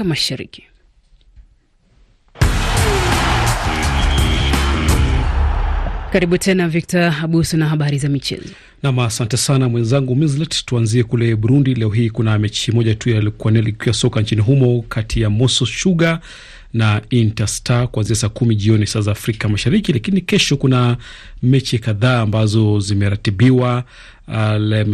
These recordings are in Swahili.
Mashariki. Karibu tena Victor Abuso na habari za michezo. Nam, asante sana mwenzangu Mislet. Tuanzie kule Burundi. Leo hii kuna mechi moja tu ya soka nchini humo kati ya Moso Sugar na Interstar kuanzia saa kumi jioni saa za Afrika Mashariki, lakini kesho kuna mechi kadhaa ambazo zimeratibiwa. Uh, Le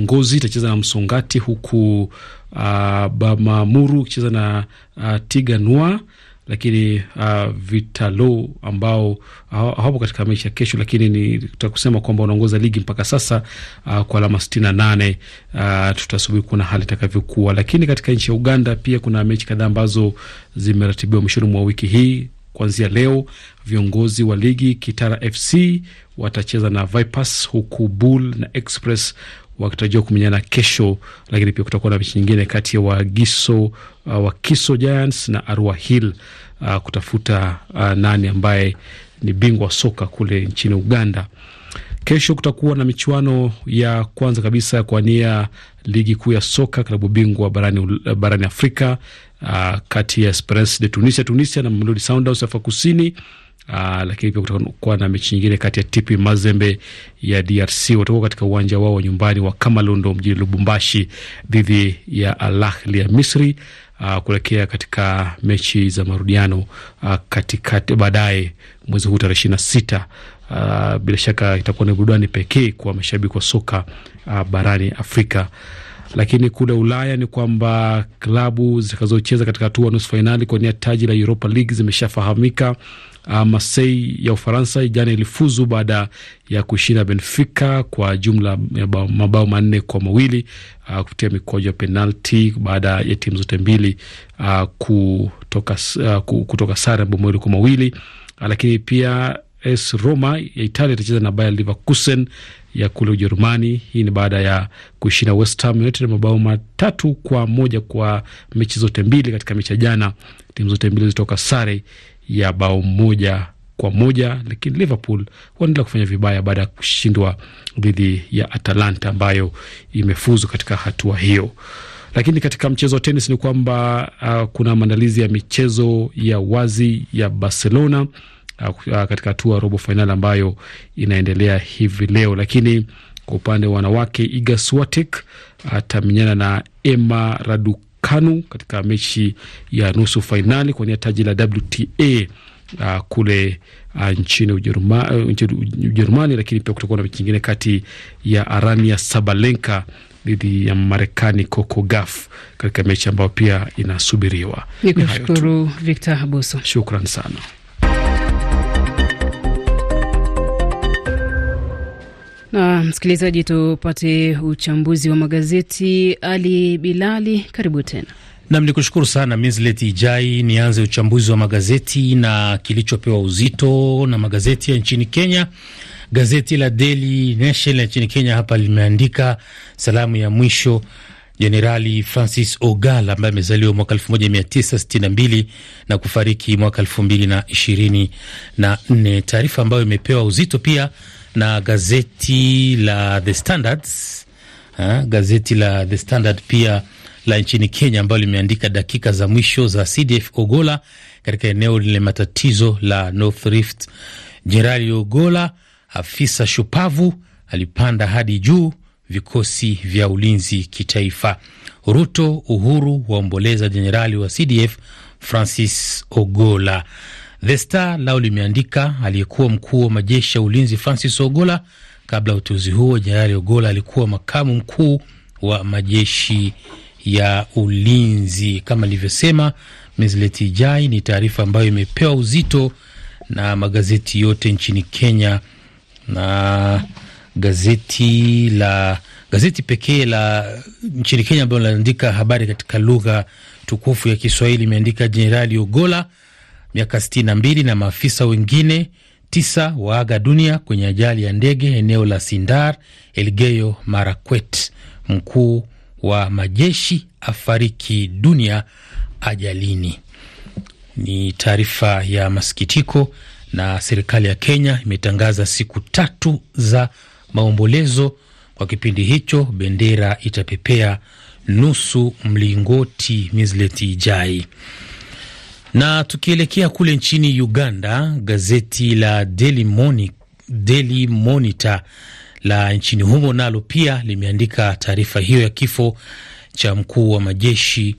Ngozi itacheza na Msongati huku uh, Bamamuru ukicheza na uh, Tiga lakini uh, ah, Vitalo ambao hawapo katika mechi ya kesho, lakini ni takusema kwamba wanaongoza ligi mpaka sasa uh, kwa alama sitini na nane. Uh, tutasubiri kuona hali itakavyokuwa, lakini katika nchi ya Uganda pia kuna mechi kadhaa ambazo zimeratibiwa mwishoni mwa wiki hii. Kuanzia leo viongozi wa ligi Kitara FC watacheza na Vipers, huku Bull na Express wakitarajiwa kumenyana kesho, lakini pia kutakuwa na mechi nyingine kati ya Wagiso uh, Wakiso Giants na Arua Hill uh, kutafuta uh, nani ambaye ni bingwa soka kule nchini Uganda. Kesho kutakuwa na michuano ya kwanza kabisa ya kuania ligi kuu ya soka klabu bingwa barani, uh, barani Afrika uh, kati ya Esperance de Tunisia Tunisia na Mamelodi Sundowns Afrika Kusini Aa, ah, lakini pia kutakuwa na mechi nyingine kati ya TP Mazembe ya DRC watakuwa katika uwanja wao wa nyumbani wa Kamalundo mjini Lubumbashi dhidi ya Al Ahly ya Misri aa, ah, kuelekea katika mechi za marudiano ah, katikati baadaye mwezi huu tarehe ishirini na sita. Uh, bila shaka itakuwa ni burudani pekee kwa mashabiki wa soka uh, barani Afrika. Lakini kule Ulaya ni kwamba klabu zitakazocheza katika hatua nusu fainali kwa nia taji la Europa League zimeshafahamika. Uh, ah, Masei ya Ufaransa jana ilifuzu baada ya kushinda Benfica kwa jumla ya mabao manne kwa mawili uh, kupitia mikojo ya penalti baada ya timu zote mbili uh, kutoka, uh, kutoka sare mabao mawili kwa mawili uh, lakini pia AS Roma ya Italia itacheza na Bayer Leverkusen ya kule Ujerumani. Hii ni baada ya kuishinda West Ham United mabao matatu kwa moja kwa mechi zote mbili. Katika mechi ya jana timu zote mbili zitoka sare ya bao moja kwa moja, lakini Liverpool wanaendelea kufanya vibaya baada ya kushindwa dhidi ya Atalanta ambayo imefuzu katika hatua hiyo. Lakini katika mchezo wa tenis ni kwamba uh, kuna maandalizi ya michezo ya wazi ya Barcelona uh, uh katika hatua robo fainali ambayo inaendelea hivi leo, lakini kwa upande wa wanawake Iga Swiatek atamenyana na Emma Raducanu KANU katika mechi ya nusu fainali nia taji la WTA uh, ah, kule uh, nchini Ujerumani, lakini pia kutakuwa na mechi nyingine kati ya Arania Sabalenka dhidi ya Marekani Coco Gauff katika mechi ambayo pia inasubiriwa. Ni kushukuru Victor Abuso, shukran sana. Na msikilizaji, tupate uchambuzi wa magazeti. Ali Bilali, karibu tena. Nam ni kushukuru sana Mislet Ijai. Nianze uchambuzi wa magazeti na kilichopewa uzito na magazeti ya nchini Kenya. Gazeti la Daily Nation la nchini Kenya hapa limeandika salamu ya mwisho Jenerali Francis ogal ambaye amezaliwa mwaka 1962 na kufariki mwaka 2024, taarifa ambayo imepewa uzito pia na gazeti la The Standards ha, gazeti la The Standard pia la nchini Kenya ambalo limeandika dakika za mwisho za CDF Ogola katika eneo lenye matatizo la North Rift. Jenerali Ogola, afisa shupavu, alipanda hadi juu vikosi vya ulinzi kitaifa. Ruto, Uhuru waomboleza jenerali wa CDF Francis Ogola. The Star lao limeandika aliyekuwa mkuu wa majeshi ya ulinzi Francis Ogola. Kabla ya uteuzi huo, Jenerali Ogola alikuwa makamu mkuu wa majeshi ya ulinzi kama ilivyosema Mesleti Jai. Ni taarifa ambayo imepewa uzito na magazeti yote nchini Kenya na gazeti la gazeti pekee la nchini Kenya ambalo linaandika habari katika lugha tukufu ya Kiswahili imeandika Jenerali Ogola miaka 62 na maafisa wengine tisa waaga dunia kwenye ajali ya ndege eneo la Sindar Elgeyo Marakwet. Mkuu wa majeshi afariki dunia ajalini. Ni taarifa ya masikitiko, na serikali ya Kenya imetangaza siku tatu za maombolezo. Kwa kipindi hicho bendera itapepea nusu mlingoti mizleti ijai. Na tukielekea kule nchini Uganda, gazeti la Daily Moni, Daily Monitor la nchini humo nalo pia limeandika taarifa hiyo ya kifo cha mkuu wa majeshi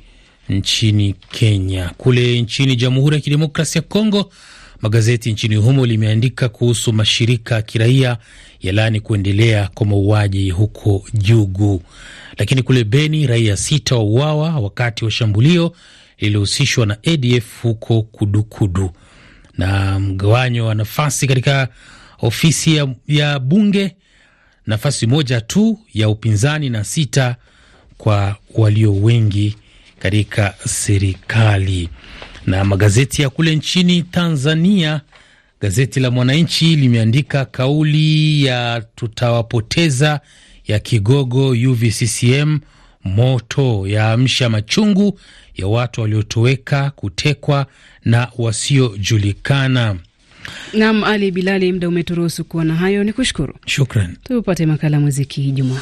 nchini Kenya. Kule nchini Jamhuri ya Kidemokrasia ya Kongo, magazeti nchini humo limeandika kuhusu mashirika ya kiraia yalaani kuendelea kwa mauaji huko Jugu. Lakini kule Beni, raia sita wauawa wakati wa shambulio lililohusishwa na ADF huko Kudukudu. Na mgawanyo wa nafasi katika ofisi ya, ya bunge, nafasi moja tu ya upinzani na sita kwa walio wengi katika serikali. Na magazeti ya kule nchini Tanzania, gazeti la Mwananchi limeandika kauli ya tutawapoteza ya kigogo UVCCM moto ya amsha machungu ya watu waliotoweka, kutekwa na wasiojulikana. Nam Ali Bilali, mda umeturuhusu kuwa na hayo, ni kushukuru. Shukran. Tupate makala muziki Ijumaa.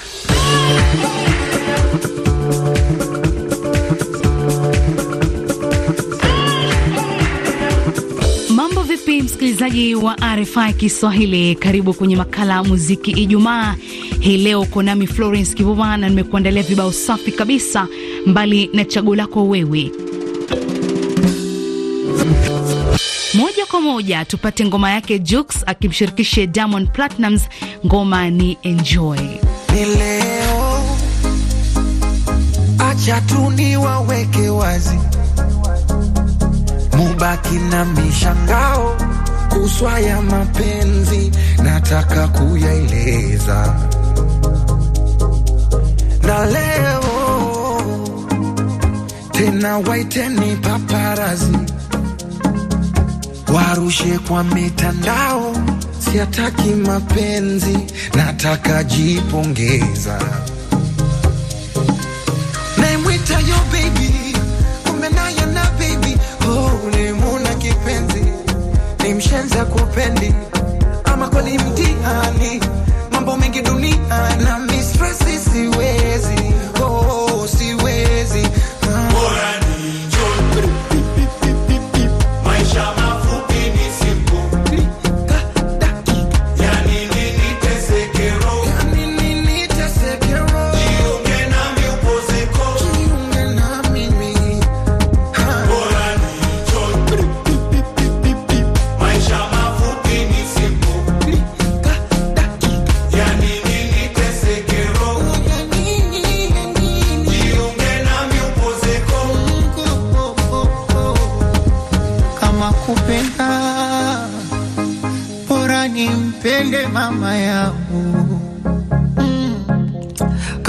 Mambo vipi, msikilizaji wa RFI Kiswahili? Karibu kwenye makala muziki Ijumaa. Hii leo uko nami Florence Kivuva na nimekuandalia vibao safi kabisa, mbali na chaguo lako wewe. Moja kwa moja tupate ngoma yake Jux akimshirikishe Diamond Platnumz, ngoma ni Enjoy. leo, acha tu niwaweke wazi, mubaki na mishangao kuswa ya mapenzi, nataka kuyaeleza waiteni paparazi warushe kwa mitandao, siataki mapenzi, nataka jipongeza. Naimwita yo baby, kumbe na baby, oh, nimuna kipenzi, ni mshenza kupendi, ama kweli mtihani, mambo mengi duniani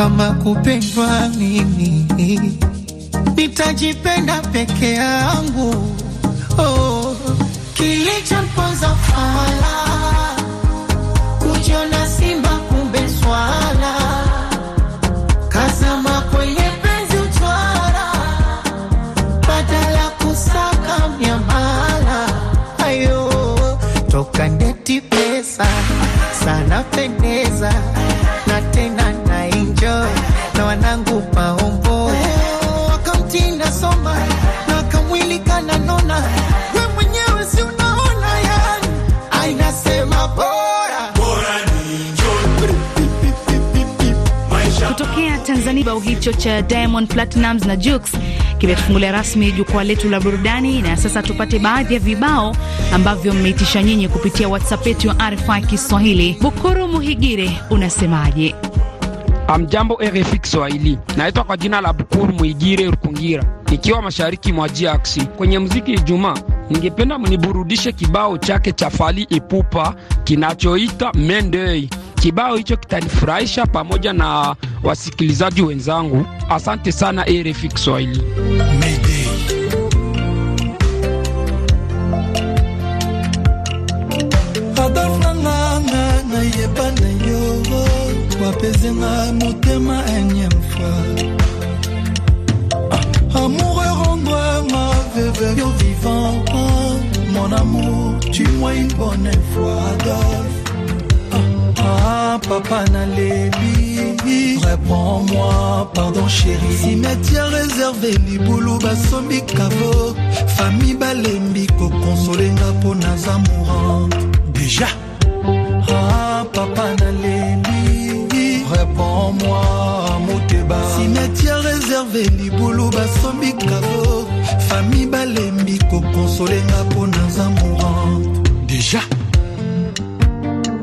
kama kupendwa mimi nitajipenda peke yangu. Oh, kilichomponza fala kujiona simba kumbe swala kazama kwenye penzi utwara badala kusaka miamala ayo toka ndeti pesa sana pendeza kutokea Kibao hicho cha Diamond Platinums na Jux kimetufungulia rasmi jukwaa letu la burudani, na sasa tupate baadhi ya vibao ambavyo mmeitisha nyinyi kupitia WhatsApp yetu ya RFI Kiswahili. Bukuru Muhigire, unasemaje? Amjambo RFI Kiswahili, naitwa kwa jina la Bukuru Muhigire Rukungira nikiwa mashariki mwa Jax kwenye mziki Ijumaa. Ningependa mniburudishe kibao chake cha fali Ipupa kinachoita Mendei. Kibao hicho kitanifurahisha pamoja na wasikilizaji wenzangu. Asante sana RFI Kiswahili. enye mfa Amoureux rendre ma veuve vivant. Mon amour, tu m'as une bonne fois, Adolphe. Ah, ah papa nalébi. Réponds-moi, pardon chérie. tiens réservé, boulou, basombi kavo. Famille balembi, ko na pour nas Déjà. herve libulu basombi kavo fami balembi kokonsolenga mpo na zamourante déjà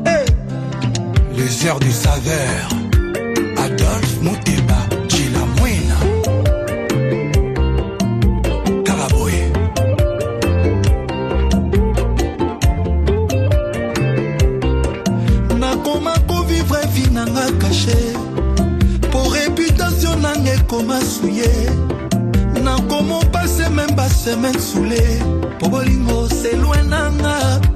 hey. Eh! les heures du saveur adolphe moteba jila mwena karaboye nakoma kovivre vi nanga kashe semaine soule po bolingo selwe nanga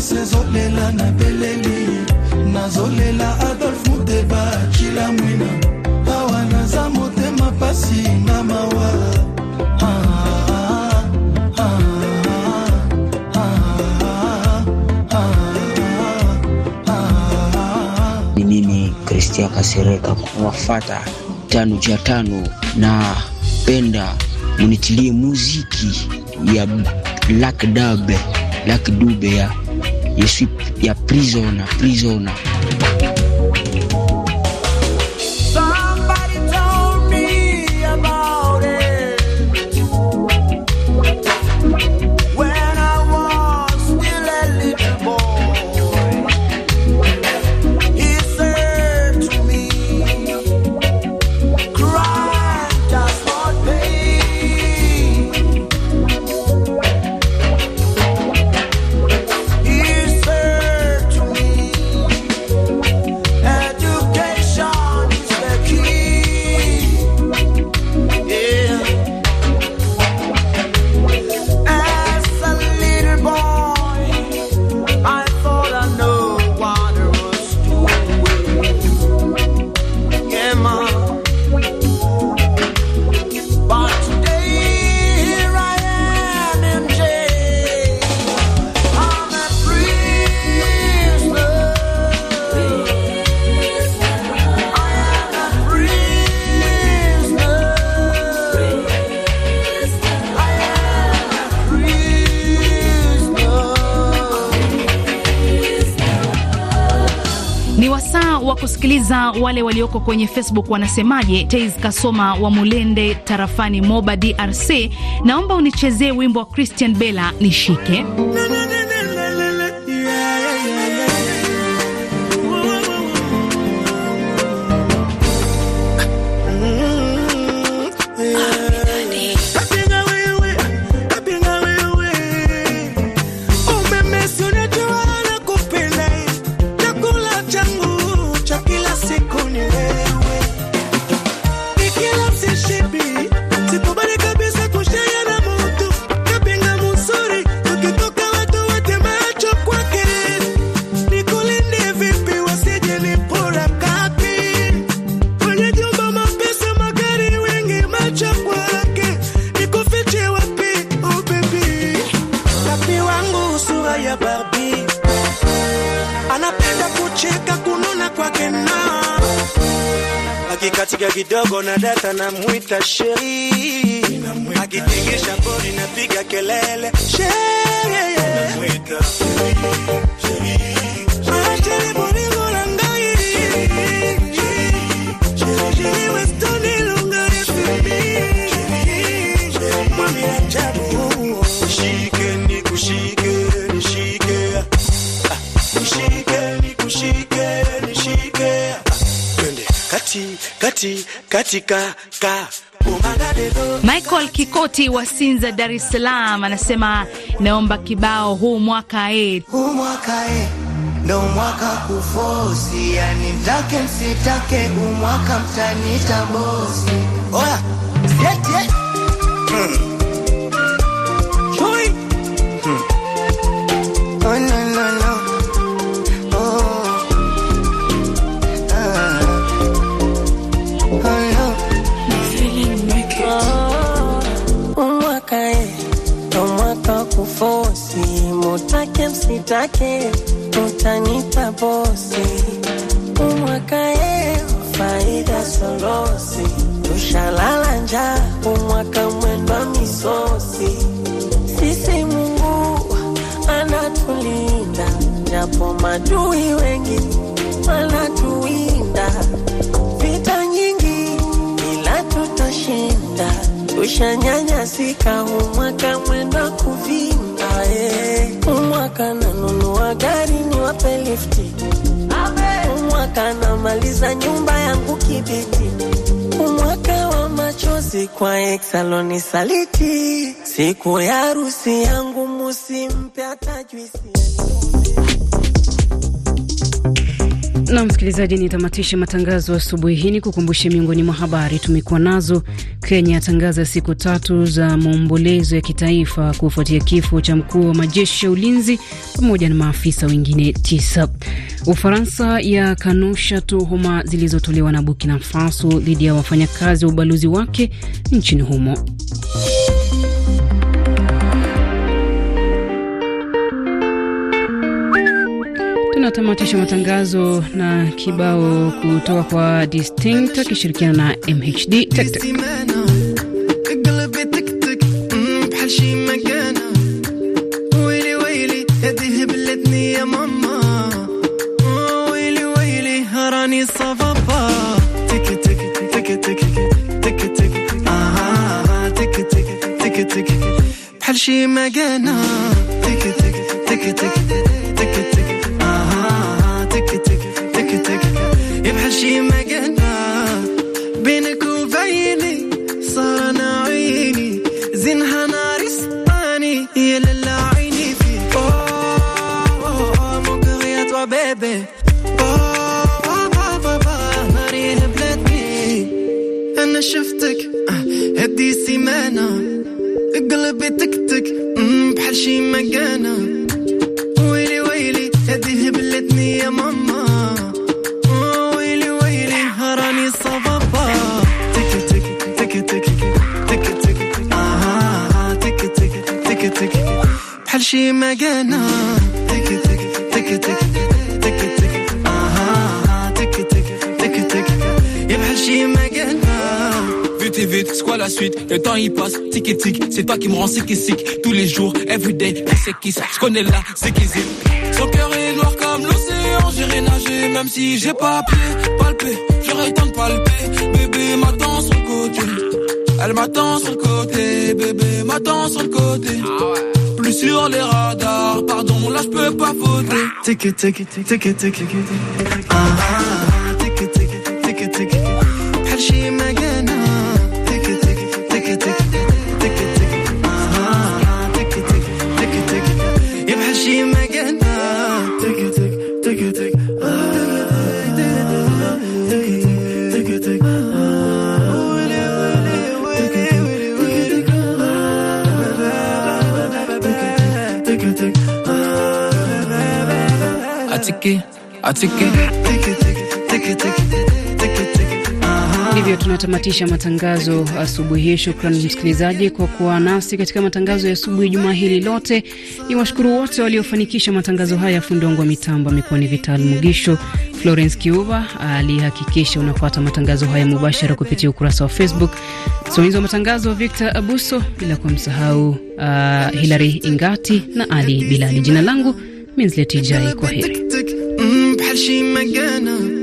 pese na beleli nazolela adolf muteba mwina awa naza motema pasi na mawa ni mimi kristian kasereka kuwafata tano cha tano na penda munitilie muziki ya lakdab lakdube ya je suis ya prisona prisona Tunasikiliza wale walioko kwenye Facebook wanasemaje. Tais Kasoma wa Mulende tarafani Moba, DRC, naomba unichezee wimbo wa Christian Bella nishike katika kidogo na data na sheri, akitingisha bodi na piga kelele sheri kati katika ka Michael Kikoti wa Sinza, Dar es Salaam anasema naomba kibao huu mwaka e, huu mwaka e ndo mwaka kufosi, yani mtake msitake, huu mwaka mtanita bosi. Oya hmm. utake utanita bosi, umwakae faida solosi, tushalala njaa umwaka mwendwa misosi. Sisi Mungu anatulinda, japo madui wengi wanatuwinda, vita nyingi ila tutashinda, tushanyanyasika umwaka mwendwa kuvi kumaliza nyumba yangu kibiti, umwaka wa machozi kwa exaloni saliti, siku ya harusi yangu musimpe hata juisi. Na msikilizaji, nitamatishe matangazo asubuhi hii ni kukumbusha miongoni mwa habari tumekuwa nazo. Kenya yatangaza siku tatu za maombolezo ya kitaifa kufuatia kifo cha mkuu wa majeshi ya ulinzi pamoja na maafisa wengine tisa. Ufaransa yakanusha tuhuma zilizotolewa na Burkina Faso dhidi ya wafanyakazi wa ubalozi wake nchini humo. tunatamatisha matangazo na kibao kutoka kwa Distinct akishirikiana na MHD Tektek. بحال شي مكانه she Vite et vite, c'est quoi la suite Le temps il passe, tic et tic. C'est toi qui me rends sick et sick. Tous les jours, everyday, c'est qui ça Je connais là, c'est qui c'est. Son cœur est noir comme l'océan. J'irai nager même si j'ai pas pied. Palpé, j'aurais temps de palper. Bébé m'attend sur le côté. Elle m'attend sur le côté. Bébé m'attend sur le côté. Ah ouais sur les radars. Pardon, là je peux pas voter. Tic tic tic tic tic tic tic atiki atiki Hivyo tunatamatisha matangazo asubuhi hii. Shukran msikilizaji kwa kuwa nasi katika matangazo ya asubuhi jumaa hili lote. Ni washukuru wote waliofanikisha matangazo haya. Ya fundi wangu wa mitambo amekuwa ni Vital Mugisho. Florence Kiuva alihakikisha unapata matangazo haya mubashara kupitia ukurasa wa Facebook. Msimamizi wa matangazo wa Victor Abuso, bila kumsahau uh, Hilary Ingati na Ali Bilali. Jina langu من زلة جاي كوهير